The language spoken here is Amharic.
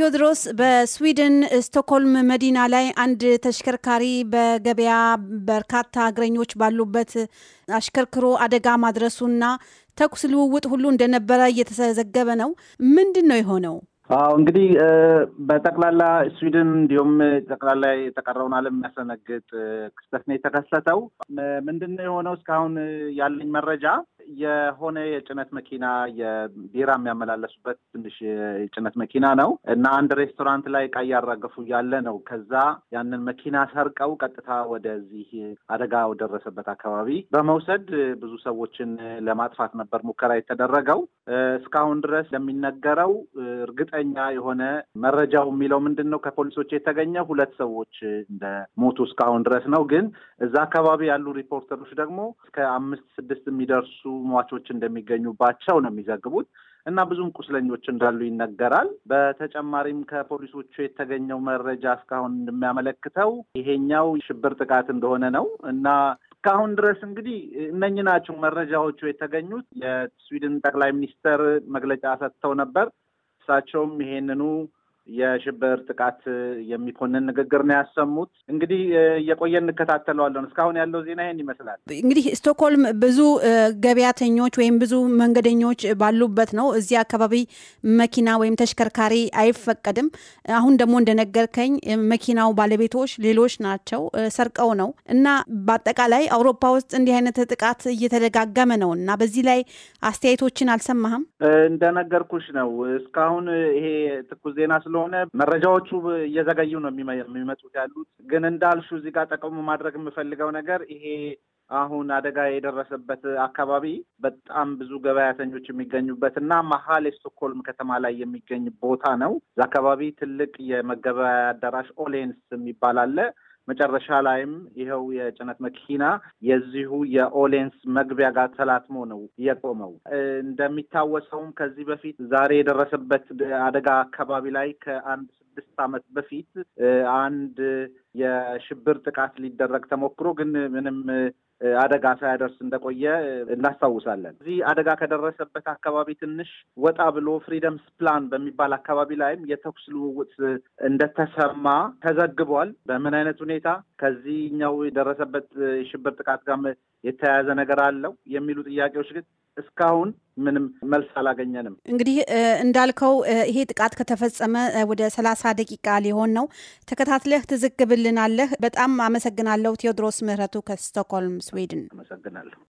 ቴዎድሮስ በስዊድን ስቶክሆልም መዲና ላይ አንድ ተሽከርካሪ በገበያ በርካታ እግረኞች ባሉበት አሽከርክሮ አደጋ ማድረሱና ተኩስ ልውውጥ ሁሉ እንደነበረ እየተዘገበ ነው። ምንድን ነው የሆነው? አዎ እንግዲህ በጠቅላላ ስዊድን እንዲሁም ጠቅላላ የተቀረውን ዓለም የሚያሰነግጥ ክስተት ነው የተከሰተው። ምንድን ነው የሆነው? እስካሁን ያለኝ መረጃ የሆነ የጭነት መኪና የቢራ የሚያመላለሱበት ትንሽ የጭነት መኪና ነው እና አንድ ሬስቶራንት ላይ እቃ እያራገፉ እያለ ነው። ከዛ ያንን መኪና ሰርቀው ቀጥታ ወደዚህ አደጋ ደረሰበት አካባቢ በመውሰድ ብዙ ሰዎችን ለማጥፋት ነበር ሙከራ የተደረገው። እስካሁን ድረስ ለሚነገረው እርግጠኛ የሆነ መረጃው የሚለው ምንድን ነው ከፖሊሶች የተገኘ ሁለት ሰዎች ሞቱ እስካሁን ድረስ ነው። ግን እዛ አካባቢ ያሉ ሪፖርተሮች ደግሞ እስከ አምስት ስድስት የሚደርሱ ሟቾች እንደሚገኙባቸው ነው የሚዘግቡት እና ብዙም ቁስለኞች እንዳሉ ይነገራል። በተጨማሪም ከፖሊሶቹ የተገኘው መረጃ እስካሁን እንደሚያመለክተው ይሄኛው ሽብር ጥቃት እንደሆነ ነው እና እስካሁን ድረስ እንግዲህ እነኝ ናቸው መረጃዎቹ የተገኙት። የስዊድን ጠቅላይ ሚኒስተር መግለጫ ሰጥተው ነበር። እሳቸውም ይሄንኑ የሽብር ጥቃት የሚኮንን ንግግር ነው ያሰሙት። እንግዲህ እየቆየ እንከታተለዋለን። እስካሁን ያለው ዜና ይህን ይመስላል። እንግዲህ ስቶክሆልም ብዙ ገበያተኞች ወይም ብዙ መንገደኞች ባሉበት ነው። እዚህ አካባቢ መኪና ወይም ተሽከርካሪ አይፈቀድም። አሁን ደግሞ እንደነገርከኝ መኪናው ባለቤቶች ሌሎች ናቸው፣ ሰርቀው ነው እና በአጠቃላይ አውሮፓ ውስጥ እንዲህ አይነት ጥቃት እየተደጋገመ ነው እና በዚህ ላይ አስተያየቶችን አልሰማህም? እንደነገርኩሽ ነው እስካሁን ይሄ ትኩስ ዜና ስለ እንደሆነ መረጃዎቹ እየዘገዩ ነው የሚመጡት ያሉት። ግን እንዳልሹ እዚህ ጋር ጠቀሙ ማድረግ የምፈልገው ነገር ይሄ አሁን አደጋ የደረሰበት አካባቢ በጣም ብዙ ገበያተኞች የሚገኙበት እና መሀል የስቶክሆልም ከተማ ላይ የሚገኝ ቦታ ነው። እዛ አካባቢ ትልቅ የመገበያ አዳራሽ ኦሌንስ የሚባል አለ። መጨረሻ ላይም ይኸው የጭነት መኪና የዚሁ የኦሌንስ መግቢያ ጋር ተላትሞ ነው የቆመው። እንደሚታወሰውም ከዚህ በፊት ዛሬ የደረሰበት አደጋ አካባቢ ላይ ከአንድ ከስድስት ዓመት በፊት አንድ የሽብር ጥቃት ሊደረግ ተሞክሮ ግን ምንም አደጋ ሳያደርስ እንደቆየ እናስታውሳለን። እዚህ አደጋ ከደረሰበት አካባቢ ትንሽ ወጣ ብሎ ፍሪደምስ ፕላን በሚባል አካባቢ ላይም የተኩስ ልውውጥ እንደተሰማ ተዘግቧል። በምን አይነት ሁኔታ ከዚህኛው የደረሰበት የሽብር ጥቃት ጋር የተያያዘ ነገር አለው የሚሉ ጥያቄዎች ግን እስካሁን ምንም መልስ አላገኘንም። እንግዲህ እንዳልከው ይሄ ጥቃት ከተፈጸመ ወደ ሰላሳ ደቂቃ ሊሆን ነው። ተከታትለህ ትዘግብልናለህ። በጣም አመሰግናለሁ። ቴዎድሮስ ምህረቱ ከስቶክሆልም ስዊድን። አመሰግናለሁ።